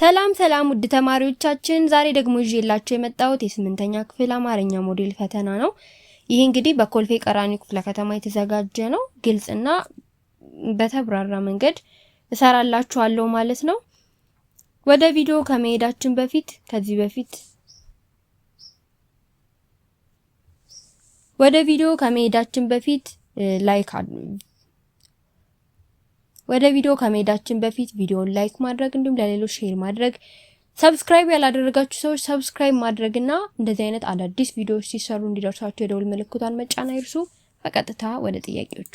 ሰላም ሰላም ውድ ተማሪዎቻችን፣ ዛሬ ደግሞ ይዤላችሁ የመጣሁት የስምንተኛ ክፍል አማርኛ ሞዴል ፈተና ነው። ይህ እንግዲህ በኮልፌ ቀራኒዮ ክፍለ ከተማ የተዘጋጀ ነው። ግልጽና በተብራራ መንገድ እሰራላችኋለሁ ማለት ነው። ወደ ቪዲዮ ከመሄዳችን በፊት ከዚህ በፊት ወደ ቪዲዮ ከመሄዳችን በፊት ላይክ ወደ ቪዲዮ ከመሄዳችን በፊት ቪዲዮን ላይክ ማድረግ እንዲሁም ለሌሎች ሼር ማድረግ ሰብስክራይብ ያላደረጋችሁ ሰዎች ሰብስክራይብ ማድረግና እንደዚህ አይነት አዳዲስ ቪዲዮዎች ሲሰሩ እንዲደርሳችሁ የደውል ምልክቷን መጫን አይርሱ። በቀጥታ ወደ ጥያቄዎቹ።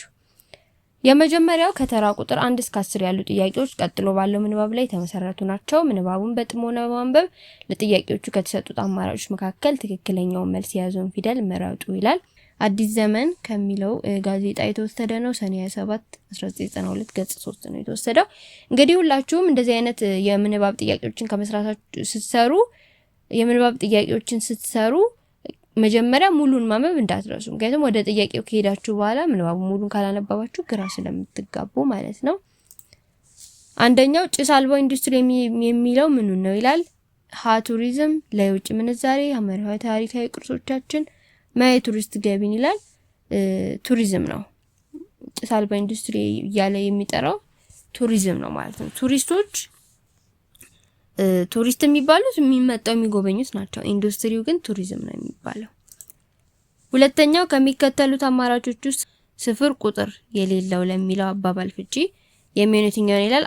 የመጀመሪያው ከተራ ቁጥር አንድ እስከ አስር ያሉ ጥያቄዎች ቀጥሎ ባለው ምንባብ ላይ የተመሰረቱ ናቸው። ምንባቡን በጥሞና በማንበብ ለጥያቄዎቹ ከተሰጡት አማራጮች መካከል ትክክለኛውን መልስ የያዘውን ፊደል ምረጡ ይላል። አዲስ ዘመን ከሚለው ጋዜጣ የተወሰደ ነው። ሰኔ 27 1992 ገጽ 3 ነው የተወሰደው። እንግዲህ ሁላችሁም እንደዚህ አይነት የምንባብ ጥያቄዎችን ከመስራታችሁ ስትሰሩ የምንባብ ጥያቄዎችን ስትሰሩ መጀመሪያ ሙሉን ማንበብ እንዳትረሱ። ምክንያቱም ወደ ጥያቄው ከሄዳችሁ በኋላ ምንባቡ ሙሉን ካላነባባችሁ ግራ ስለምትጋቡ ማለት ነው። አንደኛው ጭስ አልባ ኢንዱስትሪ የሚለው ምኑን ነው ይላል። ሀ ቱሪዝም፣ ለውጭ ምንዛሬ፣ ሀመራዊ ታሪካዊ ቅርሶቻችን የቱሪስት ገቢን ይላል። ቱሪዝም ነው ጭስ አልባ ኢንዱስትሪ እያለ የሚጠራው ቱሪዝም ነው ማለት ነው። ቱሪስቶች ቱሪስት የሚባሉት የሚመጣው የሚጎበኙት ናቸው። ኢንዱስትሪው ግን ቱሪዝም ነው የሚባለው። ሁለተኛው ከሚከተሉት አማራጮች ውስጥ ስፍር ቁጥር የሌለው ለሚለው አባባል ፍቺ የሚሆን የትኛውን ይላል።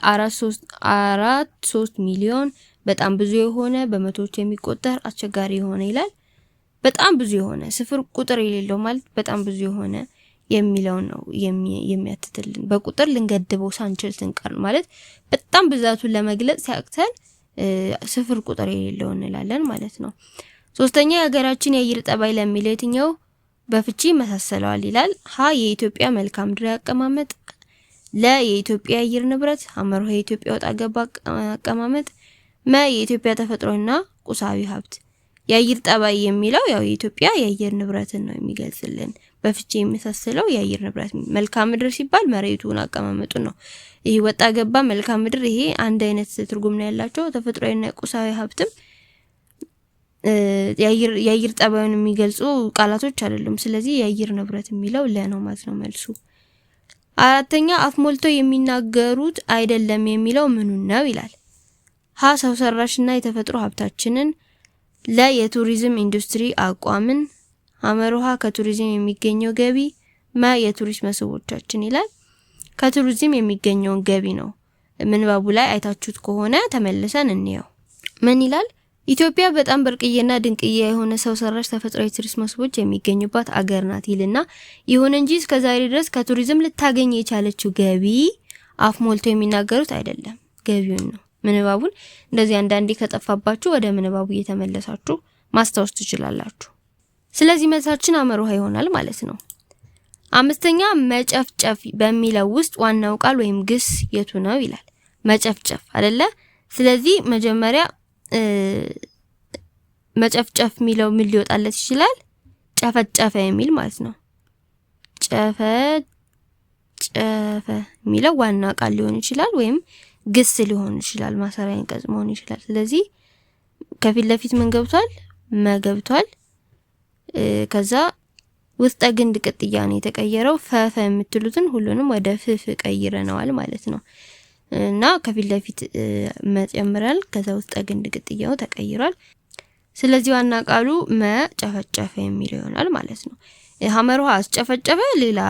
አራት ሶስት ሚሊዮን፣ በጣም ብዙ የሆነ፣ በመቶዎች የሚቆጠር፣ አስቸጋሪ የሆነ ይላል። በጣም ብዙ የሆነ ስፍር ቁጥር የሌለው ማለት በጣም ብዙ የሆነ የሚለውን ነው የሚያትትልን። በቁጥር ልንገድበው ሳንችል ስንቀር ማለት በጣም ብዛቱን ለመግለጽ ሲያቅተን ስፍር ቁጥር የሌለው እንላለን ማለት ነው። ሶስተኛ የሀገራችን የአየር ጠባይ ለሚለው የትኛው በፍቺ ይመሳሰለዋል ይላል። ሀ የኢትዮጵያ መልክዓ ምድራዊ አቀማመጥ፣ ለ የኢትዮጵያ አየር ንብረት፣ ሐመር የኢትዮጵያ ወጣ ገባ አቀማመጥ፣ መ የኢትዮጵያ ተፈጥሮና ቁሳዊ ሀብት የአየር ጠባይ የሚለው ያው የኢትዮጵያ የአየር ንብረትን ነው የሚገልጽልን። በፍቼ የሚመሳሰለው የአየር ንብረት መልክዓ ምድር ሲባል መሬቱን አቀማመጡን ነው። ይህ ወጣ ገባ መልክዓ ምድር ይሄ አንድ አይነት ትርጉም ነው ያላቸው። ተፈጥሯዊና ቁሳዊ ሀብትም የአየር ጠባዩን የሚገልጹ ቃላቶች አይደሉም። ስለዚህ የአየር ንብረት የሚለው ለነው ማለት ነው መልሱ። አራተኛ አፍ ሞልተው የሚናገሩት አይደለም የሚለው ምኑን ነው ይላል። ሀ ሰው ሰራሽና የተፈጥሮ ሀብታችንን ለ የቱሪዝም ኢንዱስትሪ አቋምን አመርሃ ከቱሪዝም የሚገኘው ገቢ መ የቱሪስት መስህቦቻችን ይላል። ከቱሪዝም የሚገኘውን ገቢ ነው። ምንባቡ ላይ አይታችሁት ከሆነ ተመልሰን እንየው። ምን ይላል? ኢትዮጵያ በጣም ብርቅዬና ድንቅዬ የሆነ ሰው ሰራሽ ተፈጥሯዊ የቱሪስት መስህቦች የሚገኙባት አገር ናት ይልና ይሁን እንጂ እስከዛሬ ድረስ ከቱሪዝም ልታገኝ የቻለችው ገቢ አፍ ሞልቶ የሚናገሩት አይደለም፣ ገቢውን ነው። ምንባቡን እንደዚህ አንዳንዴ ከጠፋባችሁ ወደ ምንባቡ እየተመለሳችሁ ማስታወስ ትችላላችሁ። ስለዚህ መልሳችን አመሮሃ ይሆናል ማለት ነው። አምስተኛ መጨፍጨፍ በሚለው ውስጥ ዋናው ቃል ወይም ግስ የቱ ነው ይላል። መጨፍጨፍ አይደለ? ስለዚህ መጀመሪያ መጨፍጨፍ የሚለው ምን ሊወጣለት ይችላል? ጨፈጨፈ የሚል ማለት ነው። ጨፈጨፈ የሚለው ዋና ቃል ሊሆን ይችላል ወይም ግስ ሊሆን ይችላል፣ ማሰሪያ አንቀጽ መሆን ይችላል። ስለዚህ ከፊት ለፊት ምን ገብቷል? መ ገብቷል። ከዛ ውስጠ ግንድ ቅጥያ ነው የተቀየረው። ፈፈ የምትሉትን ሁሉንም ወደ ፍፍ ቀይረነዋል ማለት ነው። እና ከፊት ለፊት መጨምራል። ከዛ ውስጠ ግንድ ቅጥያው ተቀይሯል። ስለዚህ ዋና ቃሉ መጨፈጨፈ የሚለው ይሆናል ማለት ነው። ሀመር ውሃ አስጨፈጨፈ ሌላ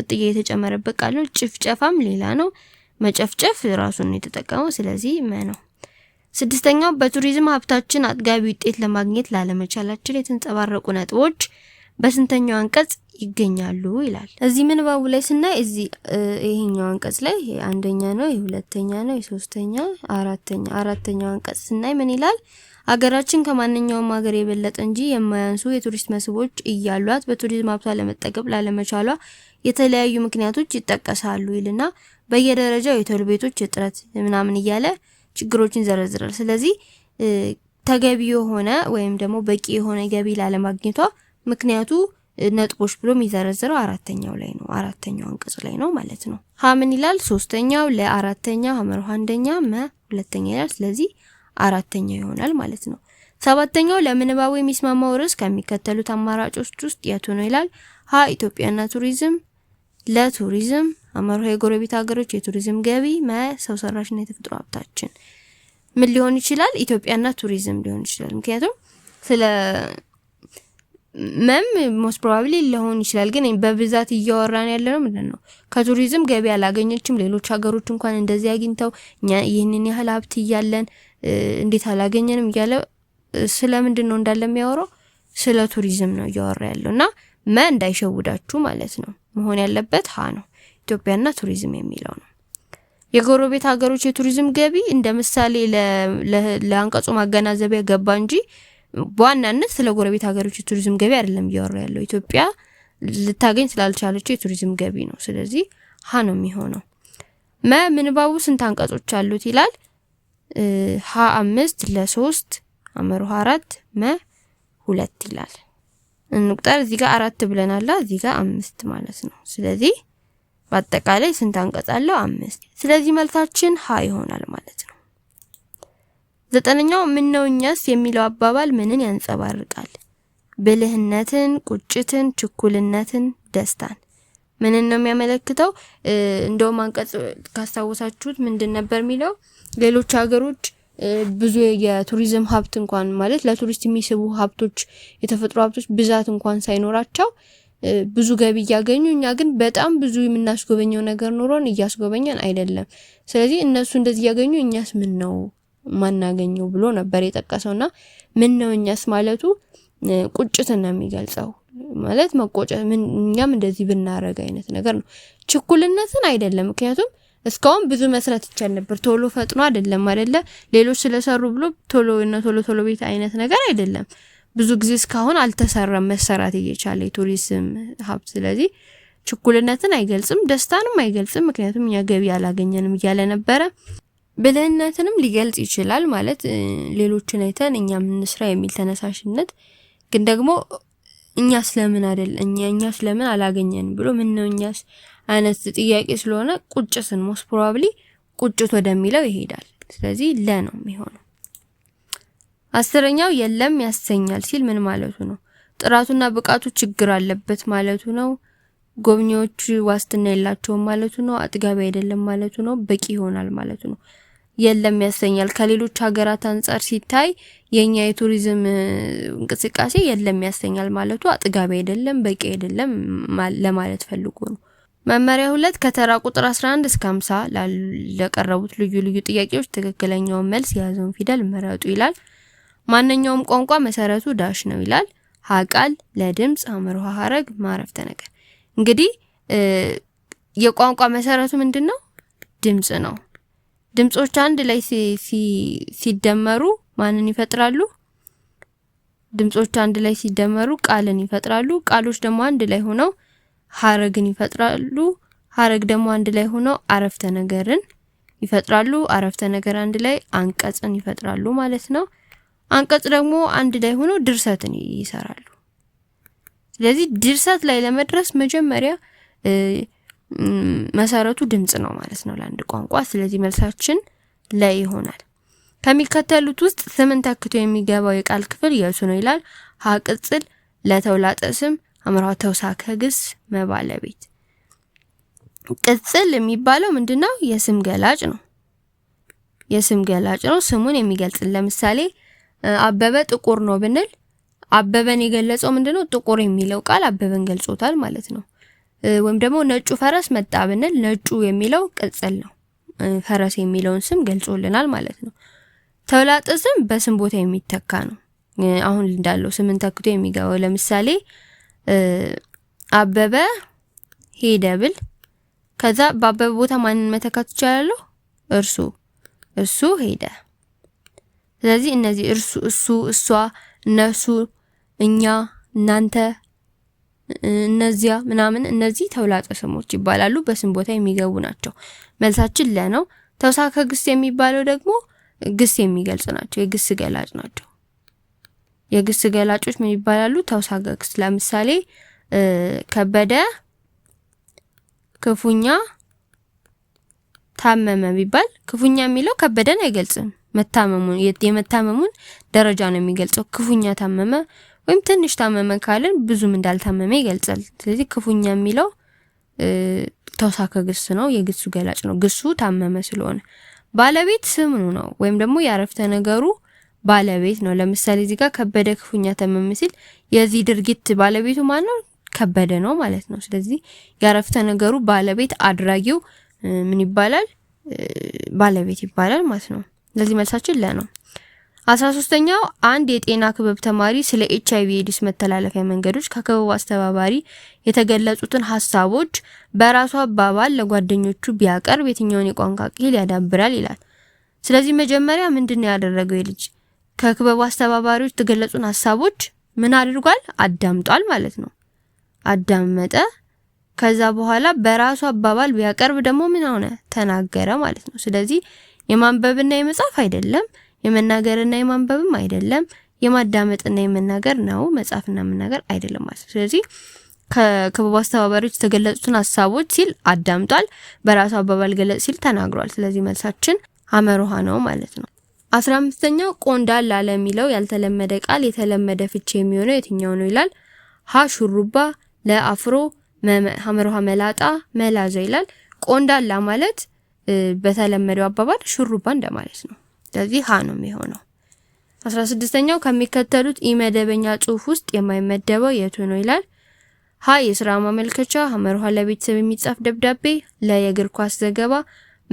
ቅጥያ የተጨመረበት ቃል ነው። ጭፍጨፋም ሌላ ነው። መጨፍጨፍ ራሱን የተጠቀመው ስለዚህ መ ነው። ስድስተኛው በቱሪዝም ሀብታችን አጥጋቢ ውጤት ለማግኘት ላለመቻላችን የተንጸባረቁ ነጥቦች በስንተኛው አንቀጽ ይገኛሉ ይላል። እዚህ ምንባቡ ላይ ስናይ እዚህ ይሄኛው አንቀጽ ላይ አንደኛ ነው፣ የሁለተኛ ነው፣ የሶስተኛ አራተኛ አራተኛው አንቀጽ ስናይ ምን ይላል? ሀገራችን ከማንኛውም ሀገር የበለጠ እንጂ የማያንሱ የቱሪስት መስህቦች እያሏት በቱሪዝም ሀብቷ ለመጠቀም ላለመቻሏ የተለያዩ ምክንያቶች ይጠቀሳሉ ይልና በየደረጃው የቶል ቤቶች እጥረት ምናምን እያለ ችግሮችን ዘረዝራል። ስለዚህ ተገቢ የሆነ ወይም ደግሞ በቂ የሆነ ገቢ ላለማግኘቷ ምክንያቱ ነጥቦች ብሎ የሚዘረዝረው አራተኛው ላይ ነው። አራተኛው አንቀጽ ላይ ነው ማለት ነው። ሀምን ይላል? ሶስተኛው ለአራተኛው ሀመር አንደኛ መ ሁለተኛ ይላል። ስለዚህ አራተኛው ይሆናል ማለት ነው። ሰባተኛው ለምንባቡ የሚስማማው ርዕስ ከሚከተሉት አማራጮች ውስጥ የቱ ነው ይላል። ሀ ኢትዮጵያና ቱሪዝም፣ ለቱሪዝም አመርሖ የጎረቤት ሀገሮች የቱሪዝም ገቢ መ ሰው ሰራሽና የተፈጥሮ ሀብታችን ምን ሊሆን ይችላል? ኢትዮጵያና ቱሪዝም ሊሆን ይችላል። ምክንያቱም ስለ መም ሞስት ፕሮባብሊ ሊሆን ይችላል። ግን በብዛት እያወራን ያለ ነው ምንድን ነው ከቱሪዝም ገቢ አላገኘችም፣ ሌሎች ሀገሮች እንኳን እንደዚህ አግኝተው ይህንን ያህል ሀብት እያለን እንዴት አላገኘንም እያለ ስለምንድን ነው እንዳለ የሚያወራው ስለ ቱሪዝም ነው እያወራ ያለው እና መ እንዳይሸውዳችሁ ማለት ነው መሆን ያለበት ሀ ነው። ኢትዮጵያና ቱሪዝም የሚለው ነው። የጎረቤት ሀገሮች የቱሪዝም ገቢ እንደ ምሳሌ ለአንቀጹ ማገናዘቢያ ገባ እንጂ በዋናነት ስለ ጎረቤት ሀገሮች የቱሪዝም ገቢ አይደለም እያወራ ያለው። ኢትዮጵያ ልታገኝ ስላልቻለችው የቱሪዝም ገቢ ነው። ስለዚህ ሀ ነው የሚሆነው። መ ምንባቡ ስንት አንቀጾች አሉት ይላል። ሀ አምስት ለሶስት አመሩሃ አራት መ ሁለት ይላል። እንቁጠር እዚህ ጋር አራት ብለናላ እዚህ ጋር አምስት ማለት ነው። ስለዚህ በአጠቃላይ ስንት አንቀጽ አለው? አምስት። ስለዚህ መልሳችን ሀ ይሆናል ማለት ነው። ዘጠነኛው ምን ነው እኛስ የሚለው አባባል ምንን ያንጸባርቃል? ብልህነትን፣ ቁጭትን፣ ችኩልነትን፣ ደስታን ምንን ነው የሚያመለክተው? እንደውም አንቀጽ ካስታወሳችሁት ምንድን ነበር የሚለው ሌሎች ሀገሮች ብዙ የቱሪዝም ሀብት እንኳን ማለት ለቱሪስት የሚስቡ ሀብቶች የተፈጥሮ ሀብቶች ብዛት እንኳን ሳይኖራቸው ብዙ ገቢ እያገኙ እኛ ግን በጣም ብዙ የምናስጎበኘው ነገር ኖሮን እያስጎበኘን አይደለም። ስለዚህ እነሱ እንደዚህ እያገኙ እኛስ ምን ነው ማናገኘው ብሎ ነበር የጠቀሰውና ምን ነው እኛስ ማለቱ ቁጭትን ነው የሚገልጸው ማለት መቆጨት፣ እኛም እንደዚህ ብናረግ አይነት ነገር ነው። ችኩልነትን አይደለም። ምክንያቱም እስካሁን ብዙ መስራት ይቻል ነበር። ቶሎ ፈጥኖ አይደለም አይደለ ሌሎች ስለሰሩ ብሎ ቶሎ ቶሎ ቶሎ ቤት አይነት ነገር አይደለም። ብዙ ጊዜ እስካሁን አልተሰራም መሰራት እየቻለ የቱሪዝም ሀብት። ስለዚህ ችኩልነትን አይገልጽም፣ ደስታንም አይገልጽም። ምክንያቱም እኛ ገቢ አላገኘንም እያለ ነበረ። ብልህነትንም ሊገልጽ ይችላል ማለት ሌሎችን አይተን እኛም እንስራ የሚል ተነሳሽነት ግን ደግሞ እኛ ስለምን አይደል እኛ እኛ ስለምን አላገኘንም ብሎ ምን ነው እኛስ አይነት ጥያቄ ስለሆነ ቁጭትን ሞስት ፕሮባብሊ ቁጭት ወደሚለው ይሄዳል። ስለዚህ ለ ነው የሚሆነው። አስረኛው የለም ያሰኛል ሲል ምን ማለቱ ነው? ጥራቱና ብቃቱ ችግር አለበት ማለቱ ነው። ጎብኚዎች ዋስትና የላቸውም ማለቱ ነው። አጥጋቢ አይደለም ማለቱ ነው። በቂ ይሆናል ማለቱ ነው። የለም ያሰኛል። ከሌሎች ሀገራት አንጻር ሲታይ የኛ የቱሪዝም እንቅስቃሴ የለም ያሰኛል ማለቱ አጥጋቢ አይደለም፣ በቂ አይደለም ለማለት ፈልጎ ነው። መመሪያ ሁለት ከተራ ቁጥር 11 እስከ 50 ለቀረቡት ልዩ ልዩ ጥያቄዎች ትክክለኛውን መልስ የያዘውን ፊደል መረጡ ይላል። ማንኛውም ቋንቋ መሰረቱ ዳሽ ነው ይላል። ሀቃል ቃል ለድምጽ አምርሖ ሀረግ ማረፍተ ነገር። እንግዲህ የቋንቋ መሰረቱ ምንድን ነው? ድምጽ ነው። ድምጾች አንድ ላይ ሲደመሩ ማንን ይፈጥራሉ? ድምጾች አንድ ላይ ሲደመሩ ቃልን ይፈጥራሉ። ቃሎች ደግሞ አንድ ላይ ሆነው ሀረግን ይፈጥራሉ። ሀረግ ደግሞ አንድ ላይ ሆነው አረፍተ ነገርን ይፈጥራሉ። አረፍተ ነገር አንድ ላይ አንቀጽን ይፈጥራሉ ማለት ነው። አንቀጽ ደግሞ አንድ ላይ ሆኖ ድርሰትን ይሰራሉ። ስለዚህ ድርሰት ላይ ለመድረስ መጀመሪያ መሰረቱ ድምጽ ነው ማለት ነው ለአንድ ቋንቋ። ስለዚህ መልሳችን ላይ ይሆናል። ከሚከተሉት ውስጥ ስምን ተክቶ የሚገባው የቃል ክፍል የሱ ነው ይላል። ሀ ቅጽል፣ ለተውላጠ ስም፣ አምራ ተውሳከ ግስ፣ መባለቤት። ቅጽል የሚባለው ምንድነው? የስም ገላጭ ነው። የስም ገላጭ ነው ስሙን የሚገልጽ ለምሳሌ አበበ ጥቁር ነው ብንል አበበን የገለጸው ምንድነው? ጥቁር የሚለው ቃል አበበን ገልጾታል ማለት ነው። ወይም ደግሞ ነጩ ፈረስ መጣ ብንል ነጩ የሚለው ቅጽል ነው። ፈረስ የሚለውን ስም ገልጾልናል ማለት ነው። ተውላጠ ስም በስም ቦታ የሚተካ ነው። አሁን እንዳለው ስምን ተክቶ የሚገባው ለምሳሌ አበበ ሄደ ብል ከዛ በአበበ ቦታ ማንን መተካት ይቻላለሁ? እርሱ እርሱ ሄደ ስለዚህ እነዚህ እርሱ፣ እሱ፣ እሷ፣ እነሱ፣ እኛ፣ እናንተ፣ እነዚያ ምናምን እነዚህ ተውላጠ ስሞች ይባላሉ። በስም ቦታ የሚገቡ ናቸው። መልሳችን ለ ነው። ተውሳከ ግስ የሚባለው ደግሞ ግስ የሚገልጽ ናቸው። የግስ ገላጭ ናቸው። የግስ ገላጮች ምን ይባላሉ? ተውሳከ ግስ። ለምሳሌ ከበደ ክፉኛ ታመመ ቢባል ክፉኛ የሚለው ከበደን አይገልጽም። መታመሙን የመታመሙን ደረጃ ነው የሚገልጸው። ክፉኛ ታመመ ወይም ትንሽ ታመመ ካልን ብዙም እንዳልታመመ ይገልጻል። ስለዚህ ክፉኛ የሚለው ተውሳከ ግስ ነው፣ የግሱ ገላጭ ነው። ግሱ ታመመ ስለሆነ ባለቤት ስምኑ ነው ወይም ደግሞ ያረፍተ ነገሩ ባለቤት ነው። ለምሳሌ እዚህ ጋር ከበደ ክፉኛ ታመመ ሲል የዚህ ድርጊት ባለቤቱ ማን ነው? ከበደ ነው ማለት ነው። ስለዚህ ያረፍተ ነገሩ ባለቤት አድራጊው ምን ይባላል? ባለቤት ይባላል ማለት ነው። ስለዚህ መልሳችን ለ ነው። አስራ ሶስተኛው አንድ የጤና ክበብ ተማሪ ስለ ኤች አይቪ ኤድስ መተላለፊያ መንገዶች ከክበቡ አስተባባሪ የተገለጹትን ሀሳቦች በራሱ አባባል ለጓደኞቹ ቢያቀርብ የትኛውን የቋንቋ ቅል ያዳብራል ይላል። ስለዚህ መጀመሪያ ምንድን ነው ያደረገው? የልጅ ከክበቡ አስተባባሪዎች የተገለጹን ሀሳቦች ምን አድርጓል? አዳምጧል ማለት ነው። አዳመጠ። ከዛ በኋላ በራሱ አባባል ቢያቀርብ ደግሞ ምን ሆነ? ተናገረ ማለት ነው። ስለዚህ የማንበብና የመጻፍ አይደለም፣ የመናገርና የማንበብም አይደለም፣ የማዳመጥና የመናገር ነው። መጻፍና መናገር አይደለም ማለት ነው። ስለዚህ ከክበቡ አስተባባሪዎች የተገለጹትን ሀሳቦች ሲል አዳምጧል፣ በራሱ አባባል ገለጽ ሲል ተናግሯል። ስለዚህ መልሳችን አመሮሃ ነው ማለት ነው። አስራ አምስተኛው ቆንዳላ ለሚለው ያልተለመደ ቃል የተለመደ ፍቺ የሚሆነው የትኛው ነው ይላል። ሀ ሹሩባ፣ ለአፍሮ አመሮሃ መላጣ፣ መላዘ ይላል። ቆንዳላ ማለት በተለመደው አባባል ሹሩባ እንደማለት ነው። ስለዚህ ሀ ነው የሚሆነው። አስራ ስድስተኛው ከሚከተሉት ኢመደበኛ ጽሁፍ ውስጥ የማይመደበው የቱ ነው ይላል። ሀ የስራ ማመልከቻ፣ ሀመርሃ ለቤተሰብ የሚጻፍ ደብዳቤ፣ ለ የእግር ኳስ ዘገባ፣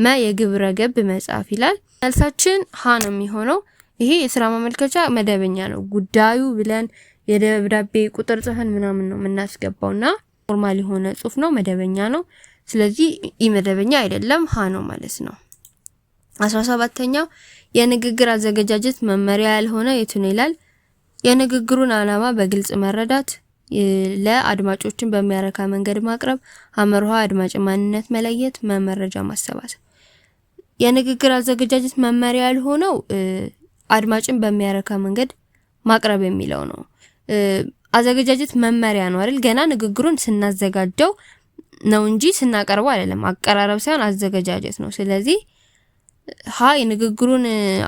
መ የግብረ ገብ መጽሐፍ ይላል። መልሳችን ሀ ነው የሚሆነው። ይሄ የስራ ማመልከቻ መደበኛ ነው። ጉዳዩ ብለን የደብዳቤ ቁጥር ጽፈን ምናምን ነው የምናስገባውና ፎርማል የሆነ ጽሁፍ ነው፣ መደበኛ ነው። ስለዚህ ኢመደበኛ አይደለም ሀ ነው ማለት ነው። አስራ ሰባተኛው የንግግር አዘገጃጀት መመሪያ ያልሆነ የቱን ይላል። የንግግሩን ዓላማ በግልጽ መረዳት፣ ለአድማጮችን በሚያረካ መንገድ ማቅረብ፣ አመርሃ አድማጭ ማንነት መለየት፣ መመረጃ ማሰባሰብ። የንግግር አዘገጃጀት መመሪያ ያልሆነው አድማጭን በሚያረካ መንገድ ማቅረብ የሚለው ነው። አዘገጃጀት መመሪያ ነው አይደል? ገና ንግግሩን ስናዘጋጀው ነው እንጂ ስናቀርበው አይደለም። አቀራረብ ሳይሆን አዘገጃጀት ነው። ስለዚህ ሀ የንግግሩን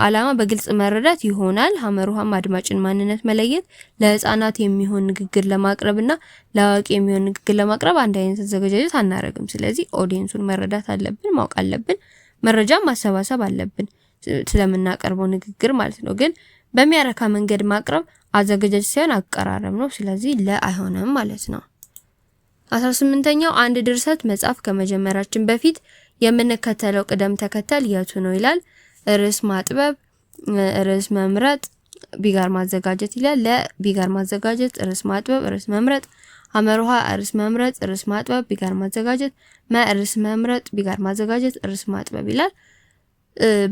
አላማ በግልጽ መረዳት ይሆናል። ሀመሩሃም አድማጭን ማንነት መለየት፣ ለህፃናት የሚሆን ንግግር ለማቅረብ እና ለአዋቂ የሚሆን ንግግር ለማቅረብ አንድ አይነት አዘገጃጀት አናረግም። ስለዚህ ኦዲየንሱን መረዳት አለብን፣ ማወቅ አለብን፣ መረጃ ማሰባሰብ አለብን ስለምናቀርበው ንግግር ማለት ነው። ግን በሚያረካ መንገድ ማቅረብ አዘገጃጀት ሳይሆን አቀራረብ ነው። ስለዚህ ለ አይሆንም ማለት ነው። 18ኛው አንድ ድርሰት መጽሐፍ ከመጀመራችን በፊት የምንከተለው ቅደም ተከተል የቱ ነው ይላል። ርዕስ ማጥበብ፣ ርዕስ መምረጥ፣ ቢጋር ማዘጋጀት ይላል። ለቢጋር ማዘጋጀት ርዕስ ማጥበብ፣ ርዕስ መምረጥ፣ አመርሃ ርዕስ መምረጥ፣ ርዕስ ማጥበብ፣ ቢጋር ማዘጋጀት፣ መርዕስ መምረጥ፣ ቢጋር ማዘጋጀት፣ ርዕስ ማጥበብ ይላል።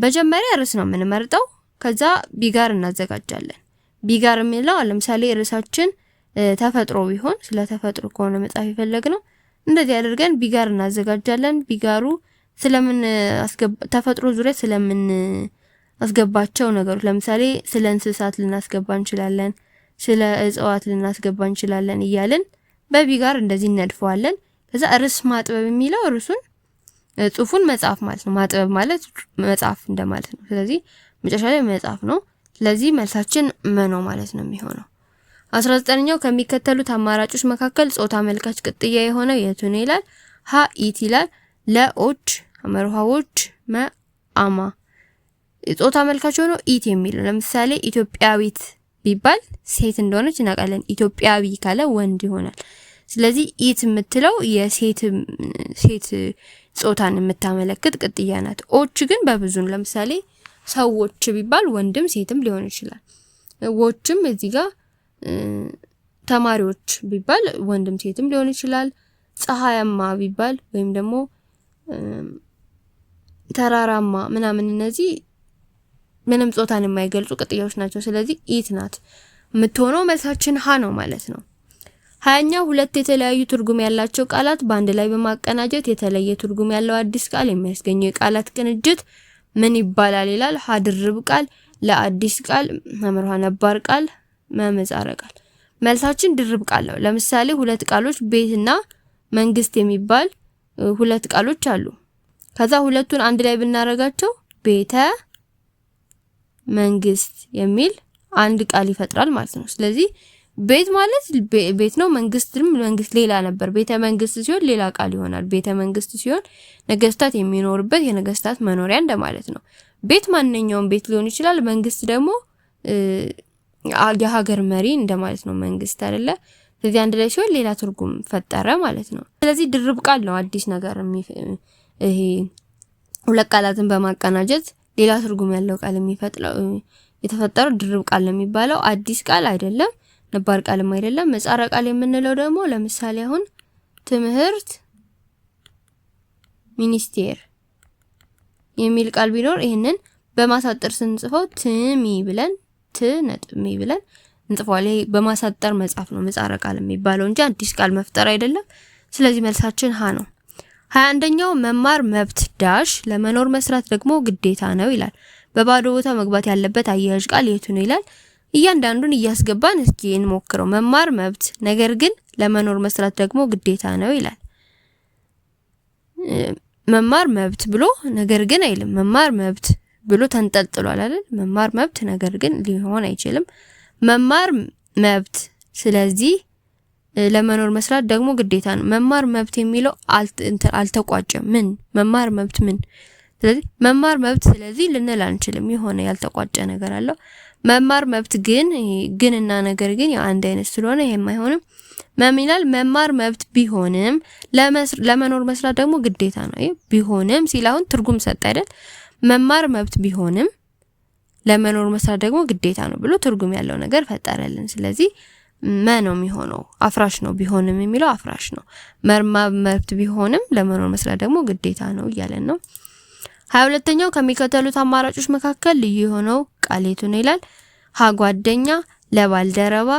መጀመሪያ ርዕስ ነው የምንመርጠው። ከዛ ቢጋር እናዘጋጃለን። ቢጋር የሚለው ለምሳሌ ርዕሳችን ተፈጥሮ ቢሆን ስለ ተፈጥሮ ከሆነ መጽሐፍ የፈለግ ነው እንደዚህ አድርገን ቢጋር እናዘጋጃለን። ቢጋሩ ስለምን ተፈጥሮ ዙሪያ ስለምን አስገባቸው ነገሮች ለምሳሌ ስለ እንስሳት ልናስገባ እንችላለን፣ ስለ እጽዋት ልናስገባ እንችላለን እያልን በቢጋር እንደዚህ እነድፈዋለን። ከዛ ርዕስ ማጥበብ የሚለው ርዕሱን ጽሁፉን መጽሐፍ ማለት ነው። ማጥበብ ማለት መጽሐፍ እንደማለት ነው። ስለዚህ መጨረሻ ላይ መጽሐፍ ነው። ስለዚህ መልሳችን መኖ ማለት ነው የሚሆነው። 19ኛው ከሚከተሉት አማራጮች መካከል ጾታ አመልካች ቅጥያ የሆነው የቱን ይላል? ሀ ኢት ይላል። ለኦች አመርሃዎች መአማ ጾታ አመልካች የሆነው ኢት የሚለው ለምሳሌ ኢትዮጵያዊት ቢባል ሴት እንደሆነች እናውቃለን። ኢትዮጵያዊ ካለ ወንድ ይሆናል። ስለዚህ ኢት የምትለው የሴት ሴት ጾታን የምታመለክት ቅጥያ ናት። ኦች ግን በብዙ ለምሳሌ ሰዎች ቢባል ወንድም ሴትም ሊሆን ይችላል። ዎችም እዚህ ጋር ተማሪዎች ቢባል ወንድም ሴትም ሊሆን ይችላል። ፀሐያማ ቢባል ወይም ደግሞ ተራራማ ምናምን እነዚህ ምንም ጾታን የማይገልጹ ቅጥያዎች ናቸው። ስለዚህ ኢት ናት የምትሆነው መልሳችን ሀ ነው ማለት ነው። ሀያኛ ሁለት የተለያዩ ትርጉም ያላቸው ቃላት በአንድ ላይ በማቀናጀት የተለየ ትርጉም ያለው አዲስ ቃል የሚያስገኘው የቃላት ቅንጅት ምን ይባላል ይላል። ሀ ድርብ ቃል፣ ለአዲስ ቃል፣ መምርሃ ነባር ቃል፣ መምህጻረ ቃል መልሳችን ድርብ ቃል ነው። ለምሳሌ ሁለት ቃሎች ቤትና መንግስት የሚባል ሁለት ቃሎች አሉ። ከዛ ሁለቱን አንድ ላይ ብናረጋቸው ቤተ መንግስት የሚል አንድ ቃል ይፈጥራል ማለት ነው። ስለዚህ ቤት ማለት ቤት ነው። መንግስትም መንግስት ሌላ ነበር። ቤተ መንግስት ሲሆን ሌላ ቃል ይሆናል። ቤተ መንግስት ሲሆን ነገስታት የሚኖርበት የነገስታት መኖሪያ እንደማለት ነው። ቤት ማንኛውም ቤት ሊሆን ይችላል። መንግስት ደግሞ የሀገር መሪ እንደማለት ነው መንግስት አይደለ? ስለዚህ አንድ ላይ ሲሆን ሌላ ትርጉም ፈጠረ ማለት ነው። ስለዚህ ድርብ ቃል ነው አዲስ ነገር ይሄ ሁለት ቃላትን በማቀናጀት ሌላ ትርጉም ያለው ቃል የሚፈጥለው የተፈጠረው ድርብ ቃል ነው የሚባለው። አዲስ ቃል አይደለም፣ ነባር ቃልም አይደለም። መጻረ ቃል የምንለው ደግሞ ለምሳሌ አሁን ትምህርት ሚኒስቴር የሚል ቃል ቢኖር ይህንን በማሳጠር ስንጽፈው ትሚ ብለን ሁለት ነጥብ ብለን እንጽፈዋል። ይሄ በማሳጠር መጻፍ ነው ምህጻረ ቃል የሚባለው እንጂ አዲስ ቃል መፍጠር አይደለም። ስለዚህ መልሳችን ሀ ነው። ሀያ አንደኛው መማር መብት ዳሽ ለመኖር መስራት ደግሞ ግዴታ ነው ይላል። በባዶ ቦታ መግባት ያለበት አያያዥ ቃል የቱ ነው ይላል። እያንዳንዱን እያስገባን እስኪ እንሞክረው። መማር መብት ነገር ግን ለመኖር መስራት ደግሞ ግዴታ ነው ይላል። መማር መብት ብሎ ነገር ግን አይልም። መማር መብት ብሎ ተንጠልጥሏል አይደል? መማር መብት ነገር ግን ሊሆን አይችልም። መማር መብት ስለዚህ ለመኖር መስራት ደግሞ ግዴታ ነው። መማር መብት የሚለው አልተቋጨም። ምን መማር መብት ምን? ስለዚህ መማር መብት ስለዚህ ልንል አንችልም። የሆነ ያልተቋጨ ነገር አለው። መማር መብት ግን ግንና ነገር ግን ያው አንድ አይነት ስለሆነ ይሄም አይሆንም። መሚላል መማር መብት ቢሆንም ለመኖር መስራት ደግሞ ግዴታ ነው። ቢሆንም ሲል አሁን ትርጉም ሰጥ አይደል መማር መብት ቢሆንም ለመኖር መስራት ደግሞ ግዴታ ነው ብሎ ትርጉም ያለው ነገር ፈጠረልን። ስለዚህ መ ነው የሚሆነው። አፍራሽ ነው ቢሆንም የሚለው አፍራሽ ነው። መርማብ መብት ቢሆንም ለመኖር መስራት ደግሞ ግዴታ ነው እያለን ነው። ሀያ ሁለተኛው ከሚከተሉት አማራጮች መካከል ልዩ የሆነው ቃሌቱ ነው ይላል። ሀ ጓደኛ፣ ለባልደረባ፣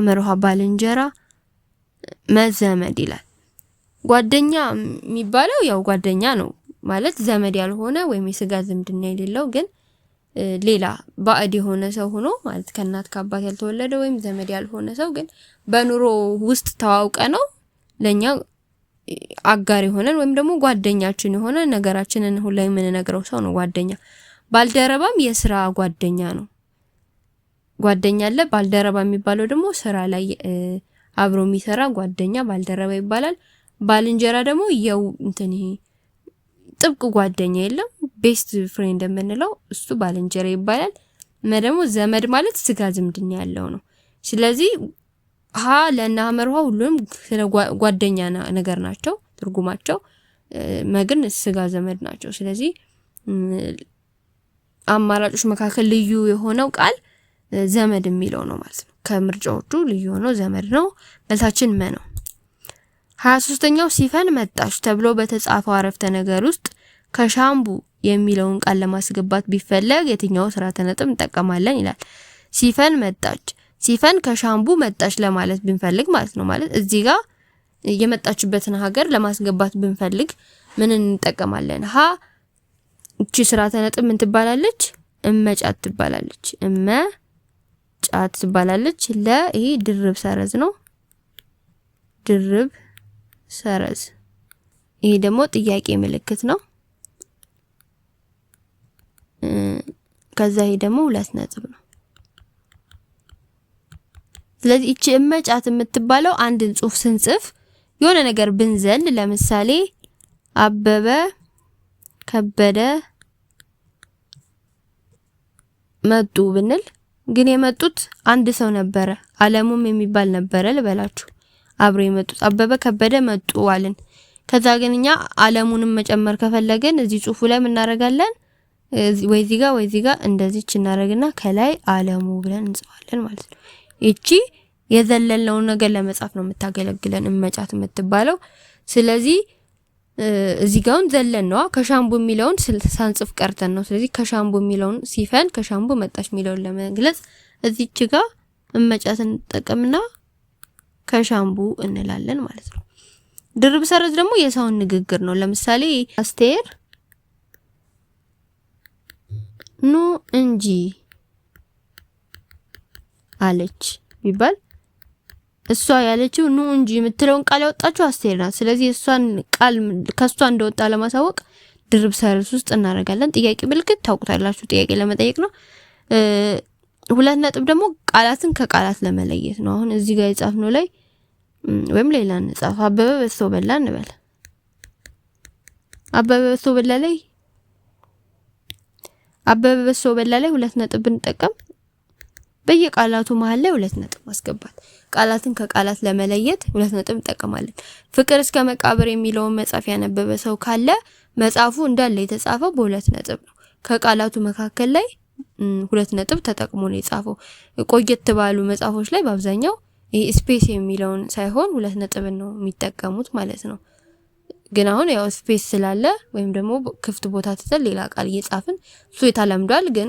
አመርሃ ባልንጀራ፣ መዘመድ ይላል። ጓደኛ የሚባለው ያው ጓደኛ ነው ማለት ዘመድ ያልሆነ ወይም የስጋ ዝምድና የሌለው ግን ሌላ ባዕድ የሆነ ሰው ሆኖ ማለት ከእናት ከአባት ያልተወለደ ወይም ዘመድ ያልሆነ ሰው ግን በኑሮ ውስጥ ተዋውቀ ነው ለእኛ አጋር የሆነን ወይም ደግሞ ጓደኛችን የሆነ ነገራችንን ላይ የምንነግረው ሰው ነው ጓደኛ። ባልደረባም የስራ ጓደኛ ነው። ጓደኛ አለ። ባልደረባ የሚባለው ደግሞ ስራ ላይ አብሮ የሚሰራ ጓደኛ ባልደረባ ይባላል። ባልንጀራ ደግሞ የው እንትን ይሄ ጥብቅ ጓደኛ የለም። ቤስት ፍሬንድ የምንለው እሱ ባልንጀራ ይባላል። እና ደግሞ ዘመድ ማለት ስጋ ዝምድና ያለው ነው። ስለዚህ ሀ ለእነ ሀመርሃ ሁሉንም ስለ ጓደኛ ነገር ናቸው ትርጉማቸው፣ መግን ስጋ ዘመድ ናቸው። ስለዚህ አማራጮች መካከል ልዩ የሆነው ቃል ዘመድ የሚለው ነው ማለት ነው። ከምርጫዎቹ ልዩ የሆነው ዘመድ ነው። መልሳችን መ ነው። 23ኛው ሲፈን መጣች ተብሎ በተጻፈው አረፍተ ነገር ውስጥ ከሻምቡ የሚለውን ቃል ለማስገባት ቢፈለግ የትኛው ስርዓተ ነጥብ እንጠቀማለን ይላል። ሲፈን መጣች፣ ሲፈን ከሻምቡ መጣች ለማለት ብንፈልግ ማለት ነው። ማለት እዚህ ጋር የመጣችበትን ሀገር ለማስገባት ብንፈልግ ምን እንጠቀማለን? ሀ እቺ ስርዓተ ነጥብ ምን ትባላለች? እመጫት ትባላለች። ጫት ትባላለች። ለ ይሄ ድርብ ሰረዝ ነው ድርብ ሰረዝ። ይሄ ደግሞ ጥያቄ ምልክት ነው። ከዛ ይሄ ደግሞ ሁለት ነጥብ ነው። ስለዚህ እቺ እመጫት የምትባለው አንድን ጽሁፍ ስንጽፍ የሆነ ነገር ብንዘል፣ ለምሳሌ አበበ ከበደ መጡ ብንል ግን የመጡት አንድ ሰው ነበረ፣ አለሙም የሚባል ነበረ ልበላችሁ። አብሮ የመጡት አበበ ከበደ መጡ አልን። ከዛ ግን እኛ አለሙንም መጨመር ከፈለግን እዚህ ጽሁፉ ላይ እናደርጋለን ወይ እዚህ ጋር ወይ እዚህ ጋር እንደዚች እናደርግና ከላይ አለሙ ብለን እንጽፋለን ማለት ነው። እቺ የዘለልነውን ነገር ለመጻፍ ነው የምታገለግለን እመጫት የምትባለው። ስለዚህ እዚህ ጋውን ዘለን ነዋ ከሻምቡ የሚለውን ሳንጽፍ ቀርተን ነው። ስለዚህ ከሻምቡ የሚለውን ሲፈን ከሻምቡ መጣች የሚለውን ለመግለጽ እዚች ጋር እመጫት እንጠቀምና ከሻምቡ እንላለን ማለት ነው። ድርብ ሰረዝ ደግሞ የሰውን ንግግር ነው። ለምሳሌ አስቴር ኑ እንጂ አለች ቢባል እሷ ያለችው ኑ እንጂ የምትለውን ቃል ያወጣችው አስቴር ናት። ስለዚህ እሷን ቃል ከሷ እንደወጣ ለማሳወቅ ድርብ ሰረዝ ውስጥ እናደርጋለን። ጥያቄ ምልክት ታውቁታላችሁ። ጥያቄ ለመጠየቅ ነው። ሁለት ነጥብ ደግሞ ቃላትን ከቃላት ለመለየት ነው። አሁን እዚህ ጋር የጻፍነው ላይ ወይም ሌላ እንጻፍ አበበ በሶ በላ እንበል። አበበ በሶ በላ ላይ አበበ በሶ በላ ላይ ሁለት ነጥብ ብንጠቀም በየቃላቱ መሀል ላይ ሁለት ነጥብ ማስገባት ቃላትን ከቃላት ለመለየት ሁለት ነጥብ እንጠቀማለን። ፍቅር እስከ መቃብር የሚለውን መጽሐፍ ያነበበ ሰው ካለ መጽሐፉ እንዳለ የተጻፈው በሁለት ነጥብ ነው ከቃላቱ መካከል ላይ ሁለት ነጥብ ተጠቅሞ ነው የጻፈው። ቆየት ባሉ መጽሐፎች ላይ በአብዛኛው ይህ ስፔስ የሚለውን ሳይሆን ሁለት ነጥብን ነው የሚጠቀሙት ማለት ነው። ግን አሁን ያው ስፔስ ስላለ ወይም ደግሞ ክፍት ቦታ ትተን ሌላ ቃል እየጻፍን እሱ የታለምዷል። ግን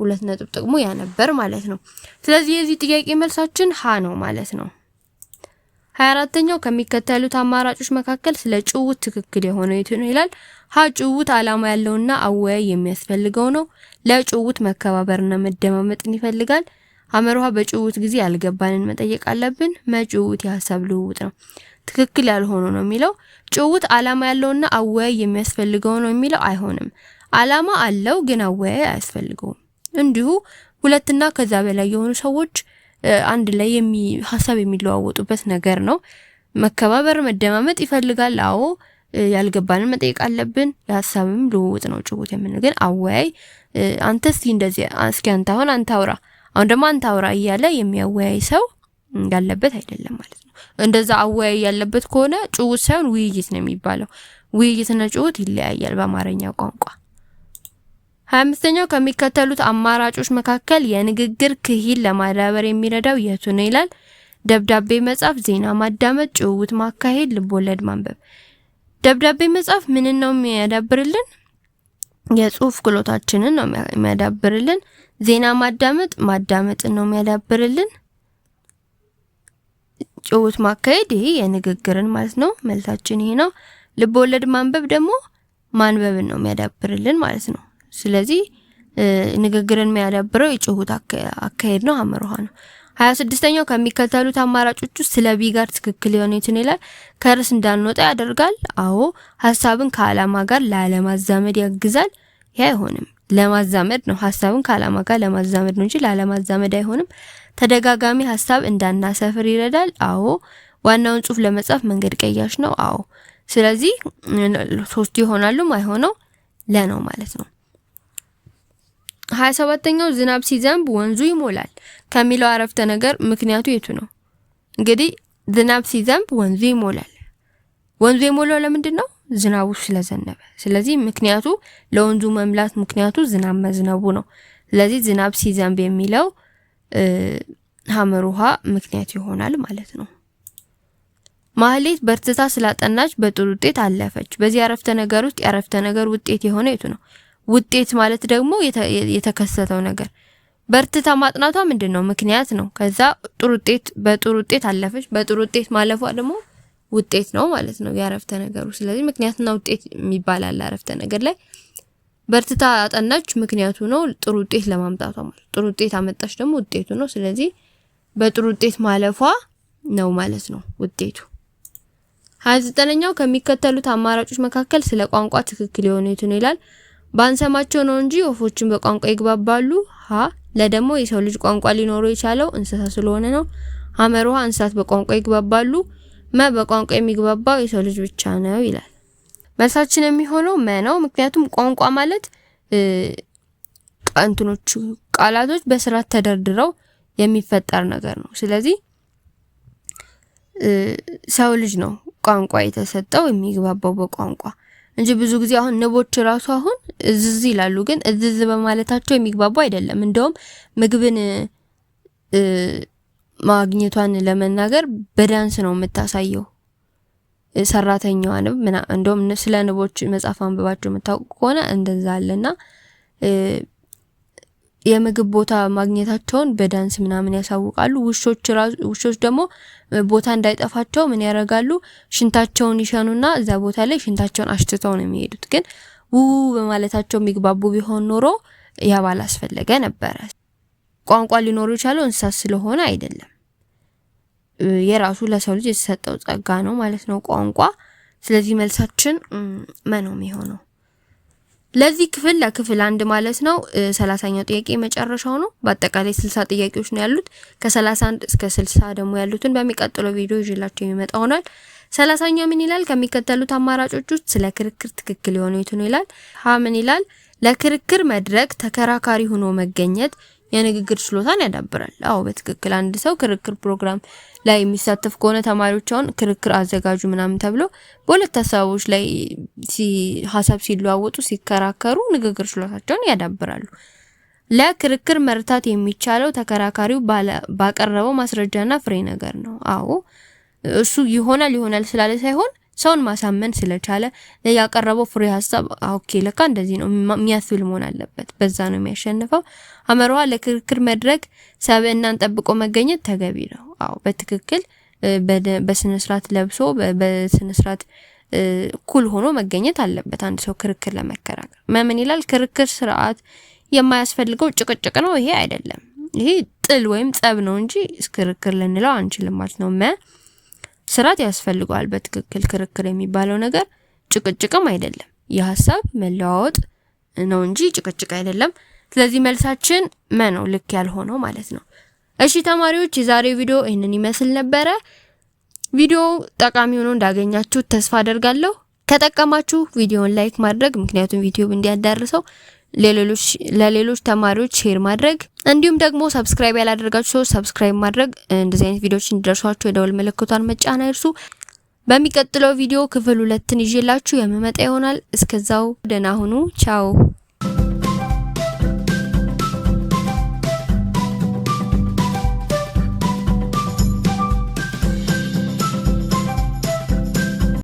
ሁለት ነጥብ ጥቅሙ ያ ነበር ማለት ነው። ስለዚህ የዚህ ጥያቄ መልሳችን ሀ ነው ማለት ነው። 24ኛው ከሚከተሉት አማራጮች መካከል ስለ ጭውውት ትክክል የሆነው የቱ ነው ይላል። ሀ ጭውውት አላማ ያለውና አወያይ የሚያስፈልገው ነው። ለጭውውት መከባበርና መደማመጥን ይፈልጋል። አመርሃ በጭውውት ጊዜ ያልገባንን መጠየቅ አለብን። መጭውውት የሀሳብ ልውውጥ ነው። ትክክል ያልሆነው ነው የሚለው ጭውውት አላማ ያለውና አወያይ የሚያስፈልገው ነው የሚለው አይሆንም። አላማ አለው ግን አወያይ አያስፈልገውም። እንዲሁ ሁለትና ከዛ በላይ የሆኑ ሰዎች አንድ ላይ ሀሳብ የሚለዋወጡበት ነገር ነው። መከባበር መደማመጥ ይፈልጋል። አዎ ያልገባንን መጠየቅ አለብን። የሀሳብም ልውውጥ ነው ጭውውት የምን ግን አወያይ አንተ እስቲ እንደዚህ እስኪ አንተ አሁን አንተ አውራ አሁን ደግሞ አንተ አውራ እያለ የሚያወያይ ሰው ያለበት አይደለም ማለት ነው። እንደዛ አወያይ ያለበት ከሆነ ጭውውት ሳይሆን ውይይት ነው የሚባለው። ውይይትና ጭውውት ይለያያል በአማርኛ ቋንቋ። 25ኛው ከሚከተሉት አማራጮች መካከል የንግግር ክሂል ለማዳበር የሚረዳው የቱ ነው ይላል። ደብዳቤ መጻፍ፣ ዜና ማዳመጥ፣ ጭውውት ማካሄድ፣ ልቦለድ ማንበብ። ደብዳቤ መጻፍ ምንን ነው የሚያዳብርልን? የጽሁፍ ክሎታችንን ነው የሚያዳብርልን። ዜና ማዳመጥ ማዳመጥን ነው የሚያዳብርልን። ጭውውት ማካሄድ ይሄ የንግግርን ማለት ነው። መልሳችን ይሄ ነው። ልቦለድ ማንበብ ደግሞ ማንበብን ነው የሚያዳብርልን ማለት ነው። ስለዚህ ንግግርን የሚያዳብረው የጭሁት አካሄድ ነው፣ ሀመርሃ ነው። ሀያ ስድስተኛው ከሚከተሉት አማራጮች ውስጥ ስለ ቢ ጋር ትክክል የሆነትን ይላል። ከርስ እንዳንወጣ ያደርጋል። አዎ ሀሳብን ከአላማ ጋር ላለማዛመድ ያግዛል። ይህ አይሆንም፣ ለማዛመድ ነው። ሀሳብን ከአላማ ጋር ለማዛመድ ነው እንጂ ላለማዛመድ አይሆንም። ተደጋጋሚ ሀሳብ እንዳናሰፍር ይረዳል። አዎ ዋናውን ጽሁፍ ለመጻፍ መንገድ ቀያሽ ነው። አዎ ስለዚህ ሶስቱ ይሆናሉ። ማይሆነው ለነው ማለት ነው። ሀያ ሰባተኛው ዝናብ ሲዘንብ ወንዙ ይሞላል ከሚለው አረፍተ ነገር ምክንያቱ የቱ ነው? እንግዲህ ዝናብ ሲዘንብ ወንዙ ይሞላል። ወንዙ የሞላው ለምንድን ነው? ዝናቡ ስለዘነበ። ስለዚህ ምክንያቱ ለወንዙ መምላት ምክንያቱ ዝናብ መዝነቡ ነው። ስለዚህ ዝናብ ሲዘንብ የሚለው ሀመር ውሃ ምክንያት ይሆናል ማለት ነው። ማህሌት በርትታ ስላጠናች በጥሩ ውጤት አለፈች። በዚህ አረፍተ ነገር ውስጥ የአረፍተ ነገር ውጤት የሆነ የቱ ነው? ውጤት ማለት ደግሞ የተከሰተው ነገር በርትታ ማጥናቷ ምንድን ነው ምክንያት ነው። ከዛ ጥሩ ውጤት በጥሩ ውጤት አለፈች። በጥሩ ውጤት ማለፏ ደግሞ ውጤት ነው ማለት ነው የአረፍተ ነገሩ። ስለዚህ ምክንያትና ውጤት የሚባል አለ አረፍተ ነገር ላይ። በርትታ አጠናች ምክንያቱ ነው ጥሩ ውጤት ለማምጣቷ ማለት። ጥሩ ውጤት አመጣች ደግሞ ውጤቱ ነው። ስለዚህ በጥሩ ውጤት ማለፏ ነው ማለት ነው ውጤቱ። ሀያ ዘጠነኛው ከሚከተሉት አማራጮች መካከል ስለ ቋንቋ ትክክል የሆኑ የቱ ነው ይላል። ባንሰማቸው ነው እንጂ ወፎችን በቋንቋ ይግባባሉ። ሀ ለ የሰው ልጅ ቋንቋ ሊኖረው የቻለው እንስሳ ስለሆነ ነው። ሐመር ውሃ እንስሳት በቋንቋ ይግባባሉ። መ በቋንቋ የሚግባባው የሰው ልጅ ብቻ ነው ይላል። መልሳችን የሚሆነው መ ነው። ምክንያቱም ቋንቋ ማለት እንትኖቹ ቃላቶች በስርዓት ተደርድረው የሚፈጠር ነገር ነው። ስለዚህ ሰው ልጅ ነው ቋንቋ የተሰጠው የሚግባባው በቋንቋ እንጂ ብዙ ጊዜ አሁን ንቦች ራሱ አሁን እዝዝ ይላሉ፣ ግን እዝዝ በማለታቸው የሚግባቡ አይደለም። እንደውም ምግብን ማግኘቷን ለመናገር በዳንስ ነው የምታሳየው ሰራተኛዋ ንብ። እንደውም ስለ ንቦች መጽሐፍ አንብባቸው የምታውቁ ከሆነ እንደዛ አለና የምግብ ቦታ ማግኘታቸውን በዳንስ ምናምን ያሳውቃሉ። ውሾች ደግሞ ቦታ እንዳይጠፋቸው ምን ያደርጋሉ? ሽንታቸውን ይሸኑና እዛ ቦታ ላይ ሽንታቸውን አሽትተው ነው የሚሄዱት። ግን ው በማለታቸው የሚግባቡ ቢሆን ኖሮ ያ ባላስፈለገ ነበረ። ቋንቋ ሊኖሩ የቻለው እንስሳት ስለሆነ አይደለም። የራሱ ለሰው ልጅ የተሰጠው ጸጋ ነው ማለት ነው ቋንቋ። ስለዚህ መልሳችን መኖም የሆነው ለዚህ ክፍል ለክፍል አንድ ማለት ነው ሰላሳኛው ጥያቄ መጨረሻው ነው። በአጠቃላይ ስልሳ ጥያቄዎች ነው ያሉት። ከሰላሳ አንድ እስከ ስልሳ ደግሞ ያሉትን በሚቀጥለው ቪዲዮ ይዤላቸው የሚመጣ ሆናል። ሰላሳኛው ምን ይላል? ከሚከተሉት አማራጮች ውስጥ ስለ ክርክር ትክክል የሆነው የቱ ነው ይላል። ሀ ምን ይላል? ለክርክር መድረክ ተከራካሪ ሆኖ መገኘት የንግግር ችሎታን ያዳብራል። አዎ በትክክል አንድ ሰው ክርክር ፕሮግራም ላይ የሚሳተፍ ከሆነ ተማሪዎች አሁን ክርክር አዘጋጁ ምናምን ተብሎ በሁለት ሀሳቦች ላይ ሀሳብ ሲለዋወጡ፣ ሲከራከሩ ንግግር ችሎታቸውን ያዳብራሉ። ለክርክር መርታት የሚቻለው ተከራካሪው ባቀረበው ማስረጃና ፍሬ ነገር ነው። አዎ እሱ ይሆናል ይሆናል ስላለ ሳይሆን ሰውን ማሳመን ስለቻለ ያቀረበው ፍሬ ሀሳብ ኦኬ ለካ እንደዚህ ነው የሚያስብል መሆን አለበት። በዛ ነው የሚያሸንፈው። አመራዋ ለክርክር መድረክ እናን ጠብቆ መገኘት ተገቢ ነው። አዎ በትክክል በስነ ለብሶ በስነ እኩል ሆኖ መገኘት አለበት። አንድ ሰው ክርክር ለመከራከር መምን ይላል? ክርክር ስርዓት የማያስፈልገው ጭቅጭቅ ነው። ይሄ አይደለም፣ ይሄ ጥል ወይም ጸብ ነው እንጂ ክርክር ልንለው አንችልም ማለት ነው። ስርዓት ያስፈልገዋል። በትክክል ክርክር የሚባለው ነገር ጭቅጭቅም አይደለም፣ የሀሳብ መለዋወጥ ነው እንጂ ጭቅጭቅ አይደለም። ስለዚህ መልሳችን መ ነው፣ ልክ ያልሆነው ማለት ነው። እሺ ተማሪዎች፣ የዛሬው ቪዲዮ ይህንን ይመስል ነበረ። ቪዲዮ ጠቃሚ ሆኖ እንዳገኛችሁ ተስፋ አደርጋለሁ። ከጠቀማችሁ ቪዲዮን ላይክ ማድረግ ምክንያቱም ዩቲዩብ እንዲያዳርሰው ለሌሎች ተማሪዎች ሼር ማድረግ እንዲሁም ደግሞ ሰብስክራይብ ያላደረጋችሁ ሰዎች ሰብስክራይብ ማድረግ፣ እንደዚህ አይነት ቪዲዮዎች እንዲደርሷችሁ የደወል ምልክቷን መጫን አይርሱ። በሚቀጥለው ቪዲዮ ክፍል ሁለትን ይዤላችሁ የምመጣ ይሆናል። እስከዛው ደህና ሁኑ። ቻው